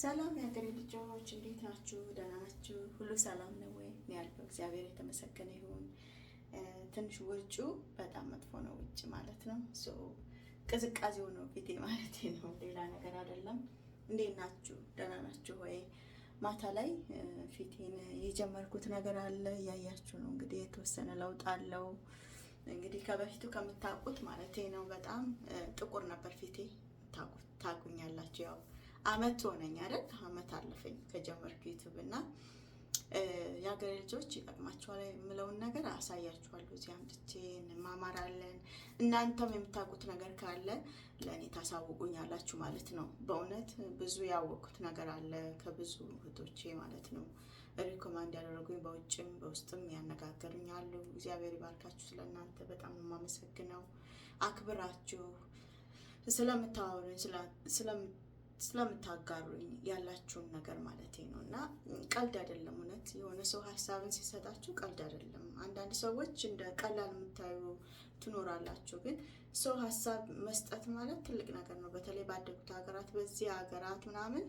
ሰላም የሀገሬ ልጆች እንዴት ናችሁ? ደህና ናችሁ? ሁሉ ሰላም ነው ወይ? ያለው እግዚአብሔር የተመሰገነ ይሁን። ትንሽ ውጩ በጣም መጥፎ ነው፣ ውጭ ማለት ነው። ቅዝቃዜው ነው ፊቴ ማለት ነው፣ ሌላ ነገር አይደለም። እንዴት ናችሁ? ደህና ናችሁ ወይ? ማታ ላይ ፊቴን የጀመርኩት ነገር አለ፣ እያያችሁ ነው እንግዲህ። የተወሰነ ለውጥ አለው እንግዲህ ከበፊቱ ከምታውቁት ማለት ነው። በጣም ጥቁር ነበር ፊቴ፣ ታውቁኛላችሁ ያው አመት ሆነኝ አይደል? አመት አለፈኝ ከጀመርኩ ዩቲዩብ እና የሀገሬ ልጆች ይጠቅማችኋል የምለውን ነገር አሳያችኋለሁ። እዚህ አምጥቼ እንማማራለን። እናንተም የምታውቁት ነገር ካለ ለእኔ ታሳውቁኛላችሁ ማለት ነው። በእውነት ብዙ ያወቅኩት ነገር አለ ከብዙ እህቶቼ ማለት ነው። ሪኮማንድ ያደረጉኝ በውጭም በውስጥም ያነጋገሩኛሉ። እግዚአብሔር ይባርካችሁ። ስለ እናንተ በጣም የማመሰግነው አክብራችሁ ስለምታወሩኝ ስለምታጋሩኝ ያላችሁን ነገር ማለት ነው። እና ቀልድ አይደለም እውነት የሆነ ሰው ሀሳብን ሲሰጣችሁ ቀልድ አይደለም። አንዳንድ ሰዎች እንደ ቀላል የምታዩ ትኖራላችሁ፣ ግን ሰው ሀሳብ መስጠት ማለት ትልቅ ነገር ነው። በተለይ ባደጉት ሀገራት፣ በዚህ ሀገራት ምናምን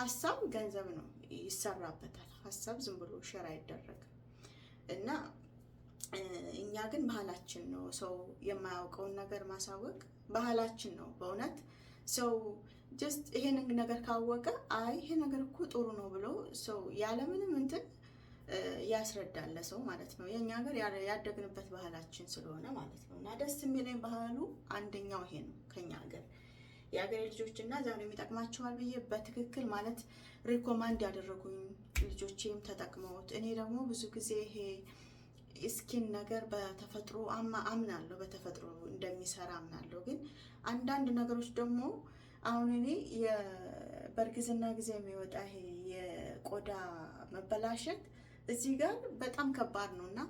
ሀሳብ ገንዘብ ነው፣ ይሰራበታል። ሀሳብ ዝም ብሎ ሸር አይደረግም እና እኛ ግን ባህላችን ነው ሰው የማያውቀውን ነገር ማሳወቅ ባህላችን ነው በእውነት ሰው ጀስት ይሄን ነገር ካወቀ አይ ይሄ ነገር እኮ ጥሩ ነው ብሎ ሰው ያለምንም እንትን ያስረዳለ ሰው ማለት ነው። የኛ ሀገር ያደግንበት ባህላችን ስለሆነ ማለት ነው። እና ደስ የሚለኝ ባህሉ አንደኛው ይሄ ነው ከኛ ሀገር የሀገሬ ልጆች እና ዛሬ የሚጠቅማቸዋል ብዬ በትክክል ማለት ሪኮማንድ ያደረጉኝ ልጆቼም ተጠቅመውት እኔ ደግሞ ብዙ ጊዜ ይሄ ስኪን ነገር በተፈጥሮ አምናለሁ፣ በተፈጥሮ እንደሚሰራ አምናለሁ። ግን አንዳንድ ነገሮች ደግሞ አሁን እኔ በእርግዝና ጊዜ የሚወጣ ይሄ የቆዳ መበላሸት እዚህ ጋር በጣም ከባድ ነው እና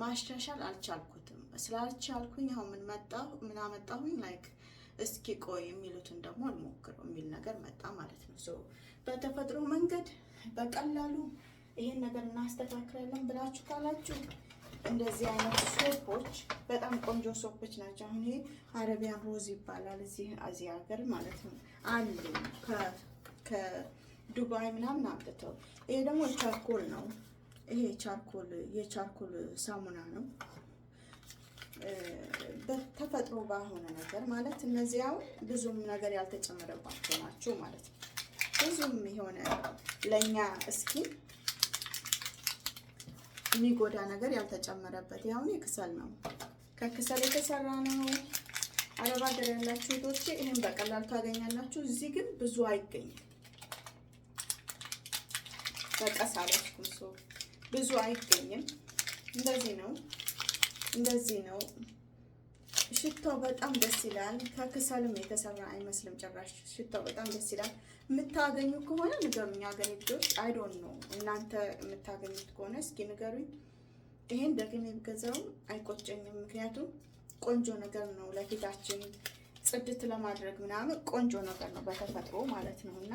ማሻሻል አልቻልኩትም። ስላልቻልኩኝ አሁን ምን መጣሁ ምን አመጣሁኝ ላይክ እስኪ ቆይ የሚሉትን ደግሞ አልሞክረው የሚል ነገር መጣ ማለት ነው። ሶ በተፈጥሮ መንገድ በቀላሉ ይሄን ነገር እናስተካክላለን ብላችሁ ካላችሁ እንደዚህ አይነት ሶፖች በጣም ቆንጆ ሶፖች ናቸው። አሁን ይሄ አረቢያን ሮዝ ይባላል እዚህ እዚህ ሀገር ማለት ነው አሉ ከዱባይ ምናምን አምጥተው። ይሄ ደግሞ የቻርኮል ነው። ይሄ የቻርኮል የቻርኮል ሳሙና ነው። በተፈጥሮ ባልሆነ ነገር ማለት እነዚያው ብዙም ነገር ያልተጨመረባቸው ናቸው ማለት ነው። ብዙም የሆነ ለእኛ እስኪ የሚጎዳ ነገር ያልተጨመረበት ያሁን የክሰል ነው፣ ከክሰል የተሰራ ነው። አረብ ሀገር ያላችሁ ቶቼ ይህን በቀላል ታገኛላችሁ። እዚህ ግን ብዙ አይገኝም። በቀሳለች ኩሶ ብዙ አይገኝም። እንደዚህ ነው፣ እንደዚህ ነው። ሽታው በጣም ደስ ይላል። ከክሰልም የተሰራ አይመስልም ጭራሽ። ሽታው በጣም ደስ ይላል። የምታገኙ ከሆነ ንገሩኝ። ሀገሬ ልጆች አይዶን ነው እናንተ የምታገኙት ከሆነ እስኪ ንገሩኝ። ይሄን ደግሜ ብገዛውም አይቆጨኝም። ምክንያቱም ቆንጆ ነገር ነው ለፊታችን ጽድት ለማድረግ ምናምን ቆንጆ ነገር ነው በተፈጥሮ ማለት ነው። እና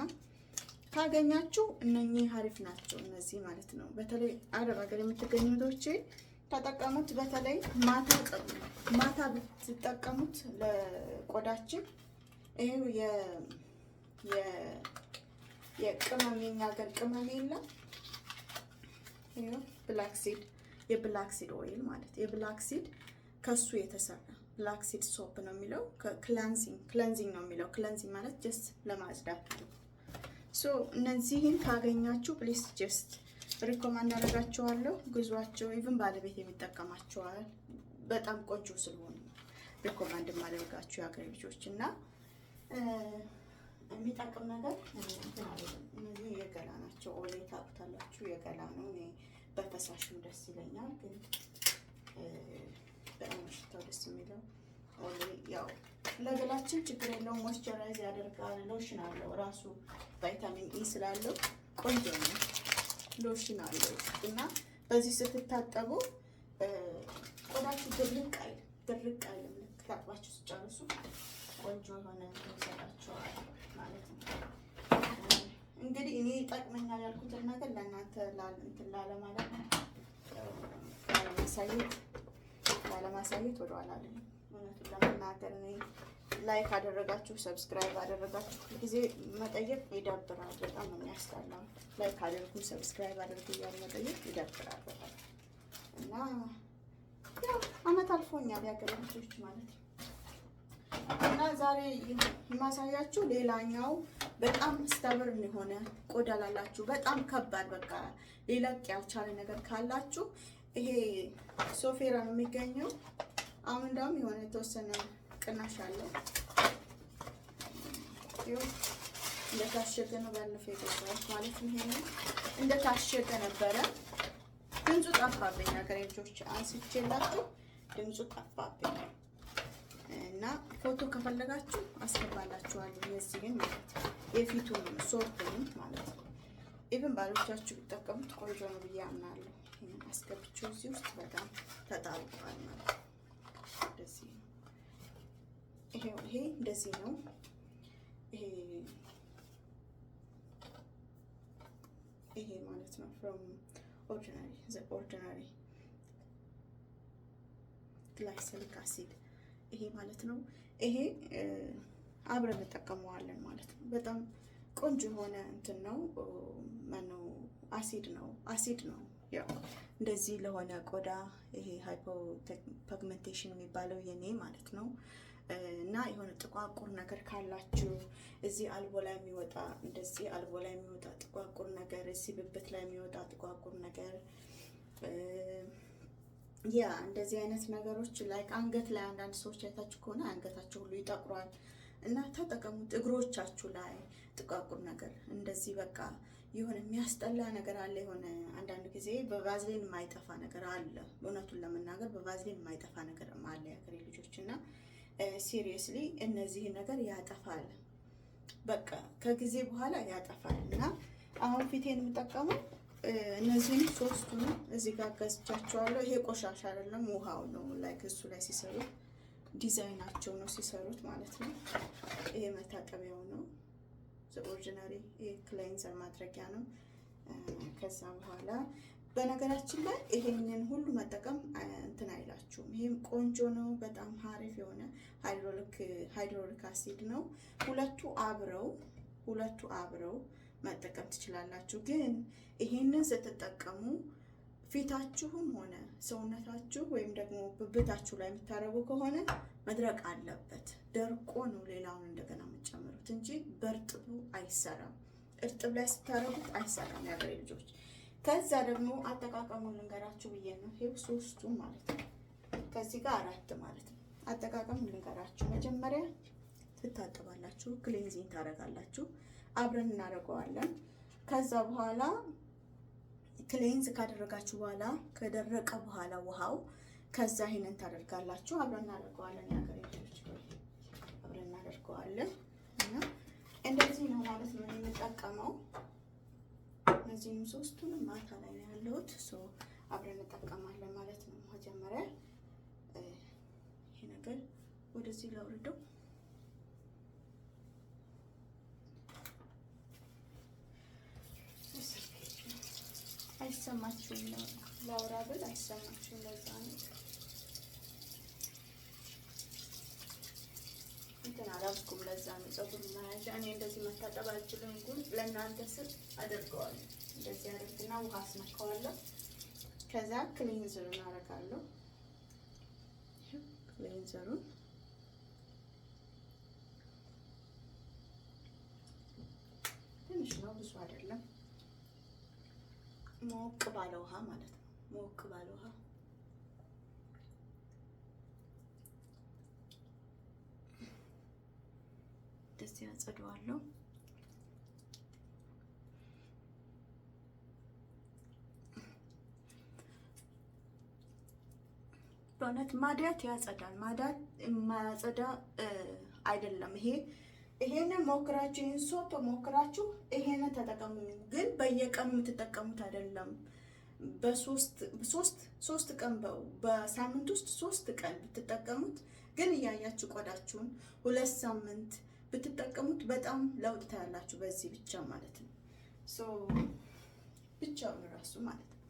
ካገኛችሁ እነኚህ አሪፍ ናቸው እነዚህ ማለት ነው። በተለይ አረብ ሀገር የምትገኙ ልጆቼ ተጠቀሙት። በተለይ ማታ ማታ ብትጠቀሙት ለቆዳችን ይሄው የቅመም የኛ ሀገር ቅመም የለም። ብላክሲድ የብላክሲድ ኦይል ማለት የብላክሲድ ከሱ የተሰራ ብላክሲድ ሶፕ ነው የሚለው። ክላንዚንግ ክላንዚንግ ነው የሚለው። ክላንዚንግ ማለት ጀስት ለማጽዳት ነው። ሶ እነዚህን ካገኛችሁ ፕሊስ ጀስት ሪኮማንድ አደርጋችኋለሁ። ግዟቸው። ኢቭን ባለቤት የሚጠቀማቸዋል በጣም ቆንጆ ስለሆኑ ሪኮማንድ ማደርጋችሁ የአገሬ ልጆች እና የሚጠቅም ነገር እነዚህ የገላ ናቸው። ኦሌ ታውቁታላችሁ፣ የገላ ነው። እኔ በፈሳሽም ደስ ይለኛል፣ ግን በጣም ሽታው ደስ የሚለው ኦሌ። ያው ለገላችን ችግር የለው፣ ሞይስቸራይዝ ያደርጋል። ሎሽን አለው ራሱ ቫይታሚን ኢ ስላለው ቆንጆ ነው። ሎሽን አለው እና በዚህ ስትታጠቡ ቆዳችሁ ድርቅ አይልም፣ ድርቅ አይልም። ታጥባችሁ ስጨርሱ ቆንጆ የሆነ ይሰጣችኋል። እንግዲህ እኔ ይጠቅመኛል ያልኩትን ነገር ለእናንተ እንትን ላለማለት ላለማሳየት ላለማሳየት ወደኋላ አለኝ። እውነቱን ለመናገር እኔ ላይክ አደረጋችሁ ሰብስክራይብ አደረጋችሁ ጊዜ መጠየቅ ይደብራል። በጣም ነው የሚያስጠላው። ላይክ አደርጉ ሰብስክራይብ አደርጉ እያሉ መጠየቅ ይደብራል በጣም እና ያው አመት አልፎኛል ያገራቶች ማለት ነው እና ዛሬ የማሳያችሁ ሌላኛው በጣም ስተብርን የሆነ ቆዳ ላላችሁ በጣም ከባድ በቃ ሊለቅ ያልቻለ ነገር ካላችሁ ይሄ ሶፌራ ነው የሚገኘው። አሁን እንዳውም የሆነ የተወሰነ ቅናሽ አለው። እንደታሸገ ነው ባለፈው የገዛሁት ማለት ነው። ይሄንን እንደታሸገ ነበረ። ድምፁ ጠፋብኝ። ሀገሬ ልጆች አንስቼላችሁ ድምፁ ጠፋብኝ። እና ፎቶ ከፈለጋችሁ አስገባላችኋለሁ። የዚህን ማለት የፊቱን ሶርቱን ማለት ነው። ኢቭን ባሎቻችሁ ቢጠቀሙት ቆንጆ ነው ብዬ አምናለሁ። አስገብቼው እዚህ ውስጥ በጣም ተጣብቋል ማለት ነው። እንደዚህ ነው። ይሄ እንደዚህ ነው። ይሄ ይሄ ማለት ነው ፍሮም ኦርዲናሪ ዘ ኦርዲናሪ ግላይሰሊክ አሲድ ይሄ ማለት ነው። ይሄ አብረን እንጠቀመዋለን ማለት ነው። በጣም ቆንጆ የሆነ እንትን ነው። ማነው አሲድ ነው፣ አሲድ ነው። ያው እንደዚህ ለሆነ ቆዳ ይሄ ሃይፖፒግመንቴሽን የሚባለው የኔ ማለት ነው። እና የሆነ ጥቋቁር ነገር ካላችሁ እዚህ አልቦ ላይ የሚወጣ እንደዚህ አልቦ ላይ የሚወጣ ጥቋቁር ነገር፣ እዚህ ብብት ላይ የሚወጣ ጥቋቁር ነገር ያ እንደዚህ አይነት ነገሮች ላይ አንገት ላይ አንዳንድ ሰዎች አይታችሁ ከሆነ አንገታቸው ሁሉ ይጠቁሯል እና ተጠቀሙት። እግሮቻችሁ ላይ ጥቃቁር ነገር እንደዚህ በቃ የሆነ የሚያስጠላ ነገር አለ። የሆነ አንዳንድ ጊዜ በቫዝሊን የማይጠፋ ነገር አለ። እውነቱን ለመናገር በቫዝሊን የማይጠፋ ነገር አለ የሀገሬ ልጆች እና ሲሪየስሊ እነዚህ ነገር ያጠፋል። በቃ ከጊዜ በኋላ ያጠፋል እና አሁን ፊቴን የምጠቀመው እነዚህም ሶስቱን እዚህ ጋር ገዝቻቸዋለሁ። ይሄ ቆሻሻ አይደለም፣ ውሃው ነው። ላይክ እሱ ላይ ሲሰሩት ዲዛይናቸው ነው ሲሰሩት ማለት ነው። ይሄ መታጠቢያው ነው። ኦሪጂናሪ ክሌንዘር ማድረጊያ ነው። ከዛ በኋላ በነገራችን ላይ ይሄንን ሁሉ መጠቀም እንትን አይላችሁም። ይሄም ቆንጆ ነው። በጣም ሀሪፍ የሆነ ሃይድሮሊክ አሲድ ነው። ሁለቱ አብረው ሁለቱ አብረው መጠቀም ትችላላችሁ። ግን ይሄንን ስትጠቀሙ ፊታችሁም ሆነ ሰውነታችሁ ወይም ደግሞ ብብታችሁ ላይ የምታደርጉ ከሆነ መድረቅ አለበት። ደርቆ ነው ሌላውን እንደገና የምትጨምሩት እንጂ በእርጥቡ አይሰራም። እርጥብ ላይ ስታደርጉት አይሰራም። ያገሬ ልጆች፣ ከዛ ደግሞ አጠቃቀሙ ልንገራችሁ ብዬ ነው። ሶስቱ ማለት ነው። ከዚህ ጋር አራት ማለት ነው። አጠቃቀሙ ልንገራችሁ። መጀመሪያ ትታጥባላችሁ፣ ክሌንዚን ታደርጋላችሁ። አብረን እናደርገዋለን። ከዛ በኋላ ክሌንዝ ካደረጋችሁ በኋላ ከደረቀ በኋላ ውሃው ከዛ ይሄንን ታደርጋላችሁ። አብረን እናደርገዋለን። የሀገሬ አብረን እናደርገዋለን እና እንደዚህ ነው ማለት ነው የምንጠቀመው። እነዚህም ሶስቱንም ማታ ላይ ነው ያለሁት አብረን እንጠቀማለን ማለት ነው። መጀመሪያ ይሄ ነገር ወደዚህ ላውርደው። አይሰማችሁም ነው ላውራ ብል አይሰማችሁም። ለዛ ነው እንትን አላልኩም። ለዛ ነው ፀጉር መያዣ እኔ እንደዚህ መታጠብ አልችልም፣ ግን ለእናንተ ስል አደርገዋለሁ። እንደዚህ አደርግና ውሃ አስነካዋለሁ። ከዛ ክሊንዘሩን አደርጋለሁ። ክሊንዘሩን ትንሽ ነው ሞቅ ባለ ውሃ ማለት ነው። ሞቅ ባለ ውሃ ደስ ያጸደዋለሁ። በእውነት ማዳት ያጸዳል። ማዳት የማያጸዳ አይደለም ይሄ ይሄንን ሞክራችሁ ይህን ሶቶ ሞክራችሁ ይሄንን ተጠቀሙ። ግን በየቀኑ የምትጠቀሙት አይደለም። በሶስት ቀን በሳምንት ውስጥ ሶስት ቀን ብትጠቀሙት ግን እያያችሁ ቆዳችሁን ሁለት ሳምንት ብትጠቀሙት በጣም ለውጥ ታያላችሁ። በዚህ ብቻ ማለት ነው። ብቻውን ራሱ ማለት ነው።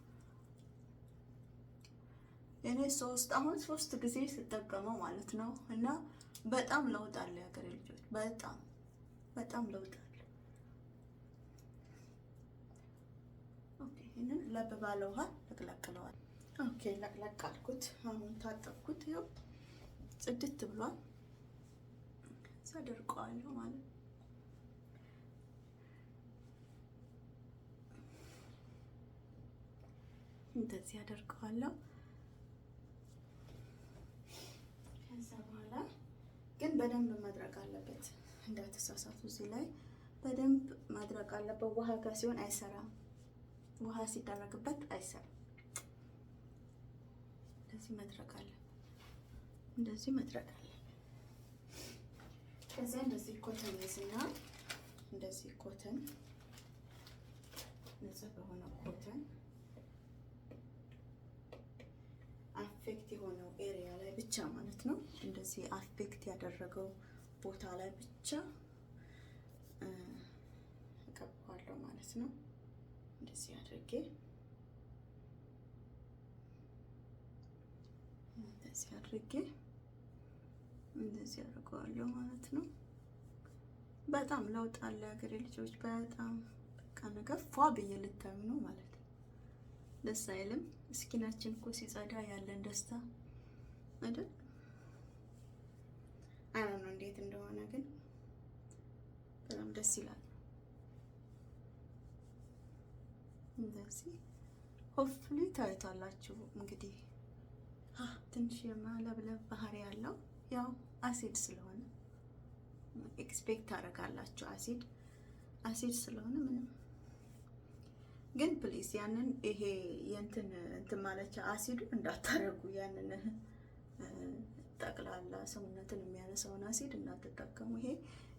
እኔ ሶስት አሁን ሶስት ጊዜ ስጠቀመው ማለት ነው እና በጣም ለውጥ አለ። የሀገሬ ልጆች በጣም በጣም ለውጥ አለ። ኦኬ፣ ይሄንን ለብ ባለ ውሃ ለቅለቅለዋል። ኦኬ፣ ለቅለቅ አልኩት። አሁን ታጠብኩት። ይኸው ጽድት ብሏል። እዛ ደርቀዋለሁ ማለት ነው። እንደዚህ አደርገዋለሁ። ግን በደንብ መድረቅ አለበት። እንዳትሳሳቱ እዚህ ላይ በደንብ መድረቅ አለበት። ውሃ ጋር ሲሆን አይሰራም። ውሃ ሲደረግበት አይሰራም። እንደዚህ መድረቅ አለበት። እንደዚህ መድረቅ አለበት። ከዚያ እንደዚህ ኮተን ይዝና እንደዚህ ኮተን ንጹህ በሆነ ኮተን አፌክት የሆነው ኤሪያ ላይ ብቻ ማለት እንደዚህ አፌክት ያደረገው ቦታ ላይ ብቻ እቀባዋለሁ ማለት ነው። እንደዚህ አድርጌ እንደዚህ አድርጌ እንደዚህ አድርገዋለሁ ማለት ነው። በጣም ለውጥ አለ ሀገሬ ልጆች፣ በጣም በቃ ነገር ፏ ብዬ ልታዩ ነው ማለት ነው። ደስ አይልም? እስኪናችን እኮ ሲጸዳ ያለን ደስታ አይደል? አይነ ነው እንዴት እንደሆነ ግን በጣም ደስ ይላል። እንደዚህ ሆፍሊ ታዩታላችሁ። እንግዲህ ትንሽ የማለብለብ ባህሪ ያለው ያው አሲድ ስለሆነ ኤክስፔክት ታደርጋላችሁ። አሲድ አሲድ ስለሆነ ምንም ግን ፕሊዝ ያንን ይሄ የእንትን እንትን ማለቻ አሲዱ እንዳታደርጉ ያንን ጠቅላላ ሰውነትን የሚያነሳውን አሲድ እናትጠቀሙ። ይሄ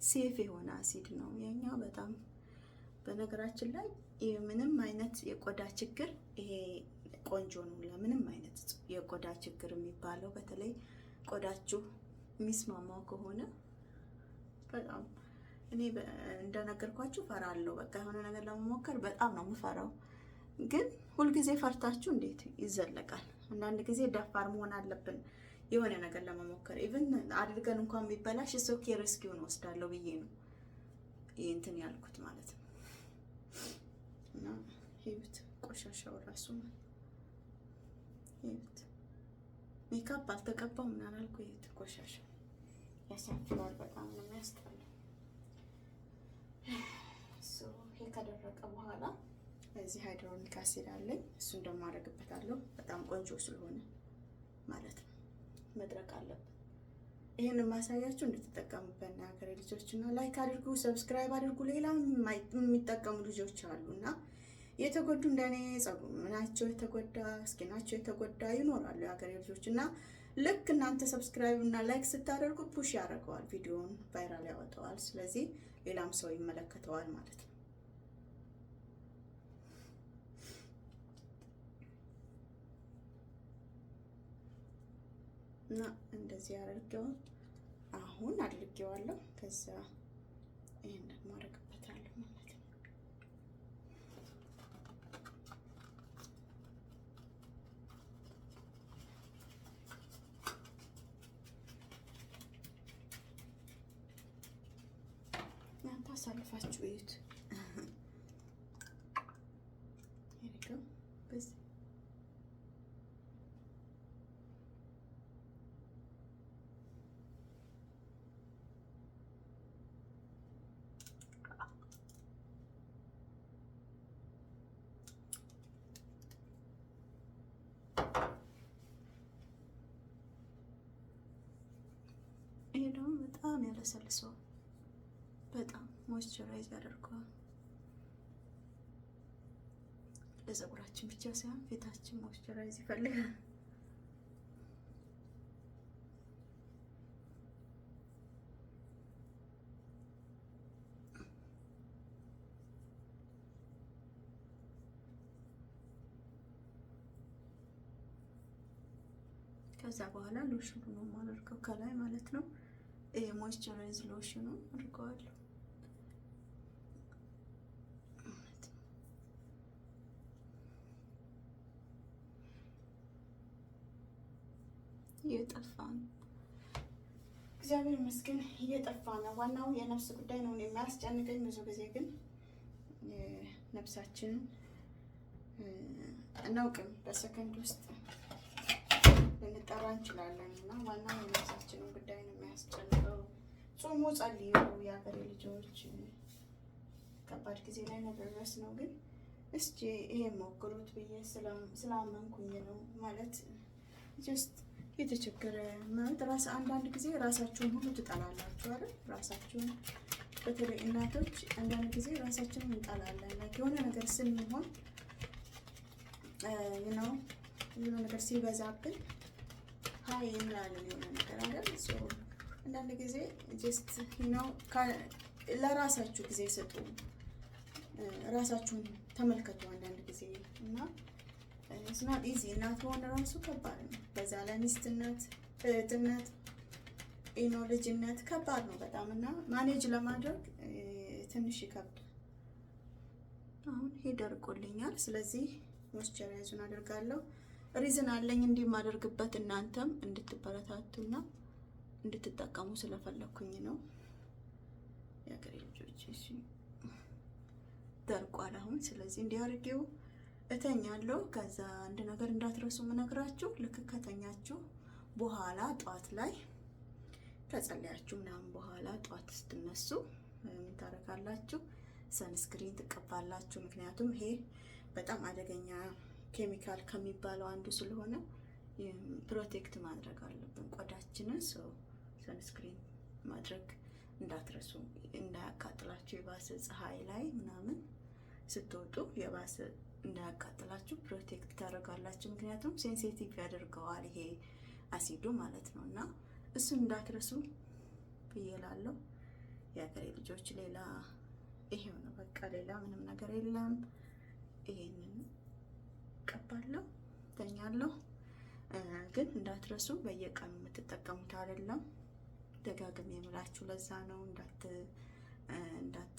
ሴፍ የሆነ አሲድ ነው። ይሄኛው በጣም በነገራችን ላይ ምንም አይነት የቆዳ ችግር ይሄ ቆንጆ ነው። ለምንም አይነት የቆዳ ችግር የሚባለው በተለይ ቆዳችሁ የሚስማማው ከሆነ በጣም እኔ እንደነገርኳችሁ ፈራለሁ። በቃ የሆነ ነገር ለመሞከር በጣም ነው የምፈራው። ግን ሁልጊዜ ፈርታችሁ እንዴት ይዘለቃል? አንዳንድ ጊዜ ደፋር መሆን አለብን። የሆነ ነገር ለመሞከር ኢቭን አድርገን እንኳን የሚበላሽ እሶኬ ሬስኪውን ወስዳለሁ ብዬ ነው ይህ እንትን ያልኩት ማለት ነው። እና ሄዩት ቆሻሻው ራሱ ሄዩት ሜካፕ አልተቀባው ምን አላልኩ። ሄዩት ቆሻሻ ያሳፍራል። በጣም ነው የሚያስጠላው። ይሄ ከደረቀ በኋላ እዚህ ሃይድሮኒክ አሲድ አለኝ እሱን ደግሞ አደርግበታለሁ በጣም ቆንጆ ስለሆነ ማለት ነው። መድረቅ አለብን። ይህን ማሳያችሁ እንድትጠቀሙበት ነው የሀገሬ ልጆች እና ላይክ አድርጉ፣ ሰብስክራይብ አድርጉ። ሌላ የሚጠቀሙ ልጆች አሉ እና የተጎዱ እንደኔ ጸጉር ምናቸው የተጎዳ እስኪናቸው የተጎዳ ይኖራሉ የሀገሬ ልጆች እና ልክ እናንተ ሰብስክራይብ እና ላይክ ስታደርጉ ፑሽ ያደርገዋል፣ ቪዲዮውን ቫይራል ያወጣዋል። ስለዚህ ሌላም ሰው ይመለከተዋል ማለት ነው። እና እንደዚህ አድርገው አሁን አድርጌዋለሁ። ከዛ ይሄን ማድረግ ደግሞ በጣም ያለሰልሰዋል፣ በጣም ሞይስቸራይዝ ያደርገዋል። ለፀጉራችን ብቻ ሳይሆን ፊታችን ሞይስቸራይዝ ይፈልጋል። ከዛ በኋላ ሎሽን ነው የማደርገው ከላይ ማለት ነው። የሞይስቸራይዝ ሎሽኑ አድርገዋለሁ። እየጠፋ ነው። እግዚአብሔር ይመስገን እየጠፋ ነው። ዋናው የነፍስ ጉዳይ ነው የሚያስጨንቀኝ። ብዙ ጊዜ ግን ነፍሳችንን እናውቅም በሰከንድ ውስጥ ልንጠራ እንችላለን እና ዋናው የነፍሳችንን ጉዳይ ነው የሚያስጨንቀኝ። ጾሙ ጸልዩ የአገሬ ልጆች። ከባድ ጊዜ ላይ መደረስ ነው፣ ግን እስኪ ይሄ ሞክሩት ብዬ ስላመንኩኝ ነው ማለት ጀስት የተቸገረ ማለት ራስ አንዳንድ ጊዜ ራሳችሁን ሁሉ ትጠላላችሁ አይደል? ራሳችሁን በተለይ እናቶች አንዳንድ ጊዜ ራሳችንን እንጠላለን። ላይክ የሆነ ነገር ስንሆን ነው የሆነ ነገር ሲበዛብን ሀይ እንላለን የሆነ ነገር አይደል አንዳንድ ጊዜ ጀስት ነው ለራሳችሁ ጊዜ ስጡ፣ ራሳችሁን ተመልከቱ። አንዳንድ ጊዜ እና ስና ኢዚ እናት ሆነ ራሱ ከባድ ነው። በዛ ላይ ሚስትነት፣ እህትነት፣ ኢኖ ልጅነት ከባድ ነው በጣም እና ማኔጅ ለማድረግ ትንሽ ይከብዳል። አሁን ይሄ ደርቆልኛል። ስለዚህ ሞይስቸራይዙን አደርጋለሁ። ሪዝን አለኝ እንዲህ ማደርግበት እናንተም እንድትበረታቱና እንድትጠቀሙ ስለፈለኩኝ ነው። የአገሬ ልጆች ደርቋል አሁን። ስለዚህ እንዲህ አድርጌው እተኛለሁ። ከዛ አንድ ነገር እንዳትረሱ ምነግራችሁ፣ ልክ ከተኛችሁ በኋላ ጠዋት ላይ ከጸለያችሁ ምናምን በኋላ ጠዋት ስትነሱ ምን ታደርጋላችሁ? ሰንስክሪን ትቀባላችሁ። ምክንያቱም ይሄ በጣም አደገኛ ኬሚካል ከሚባለው አንዱ ስለሆነ ፕሮቴክት ማድረግ አለብን ቆዳችንን ሰው ሰንስክሪን ማድረግ እንዳትረሱ፣ እንዳያቃጥላችሁ የባሰ ፀሐይ ላይ ምናምን ስትወጡ የባሰ እንዳያቃጥላችሁ ፕሮቴክት ታደርጋላችሁ። ምክንያቱም ሴንሲቲቭ ያደርገዋል ይሄ አሲዱ ማለት ነው እና እሱን እንዳትረሱ ብዬ የሀገሬ ልጆች ሌላ ይሄው ነው በቃ ሌላ ምንም ነገር የለም። ይሄንን ቀባለሁ፣ ተኛለሁ። ግን እንዳትረሱ በየቀኑ የምትጠቀሙት አይደለም። ደጋግም የምላችሁ ለዛ ነው። እንዳት እንዳት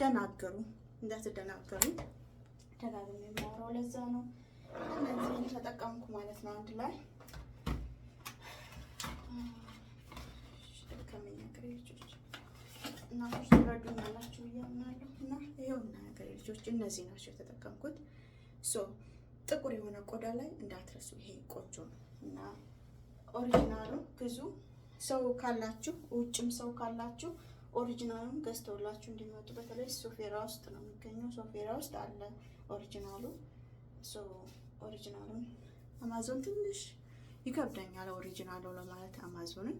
ደናገሩ እንዳትደናገሩ ደጋግም የማወራው ለዛ ነው። እነዚህን ተጠቀምኩ ማለት ነው። አንድ ላይ ከመኛ ልጆች እናቶች ብዬ አምናለሁ። እና ልጆች እነዚህ ናቸው የተጠቀምኩት ሶ ጥቁር የሆነ ቆዳ ላይ እንዳትረሱ። ይሄ ቆጆ ነው እና ኦሪጂናሉን ግዙ። ሰው ካላችሁ ውጭም ሰው ካላችሁ ኦሪጂናሉን ገዝተውላችሁ እንዲመጡ። በተለይ ሶፌራ ውስጥ ነው የሚገኘው። ሶፌራ ውስጥ አለ ኦሪጂናሉ። ኦሪጂናሉን አማዞን ትንሽ ይከብደኛል ኦሪጂናሉ ለማለት አማዞንን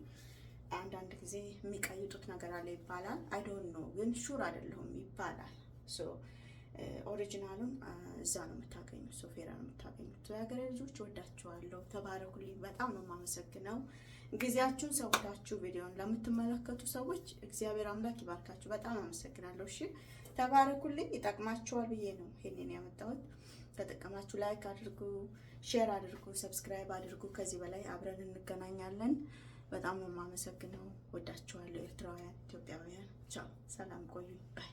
አንዳንድ ጊዜ የሚቀይጡት ነገር አለ ይባላል። አይዶን ነው ግን ሹር አይደለሁም ይባላል። ኦሪጂናሉን እዛ ነው የምታገኙት፣ ሶፌራ ነው የምታገኙት። የሀገሬ ልጆች ወዳችኋለሁ፣ ተባረኩልኝ። በጣም ነው የማመሰግነው ጊዜያችሁን ሰውታችሁ ቪዲዮን ለምትመለከቱ ሰዎች እግዚአብሔር አምላክ ይባርካችሁ። በጣም አመሰግናለሁ። እሺ ተባረኩልኝ። ይጠቅማችኋል ብዬ ነው ይሄንን ያመጣሁት። ከጠቀማችሁ ላይክ አድርጉ፣ ሼር አድርጉ፣ ሰብስክራይብ አድርጉ። ከዚህ በላይ አብረን እንገናኛለን። በጣም ነው የማመሰግነው። ወዳችኋለሁ። ኤርትራውያን፣ ኢትዮጵያውያን፣ ቻው፣ ሰላም ቆዩ። ባይ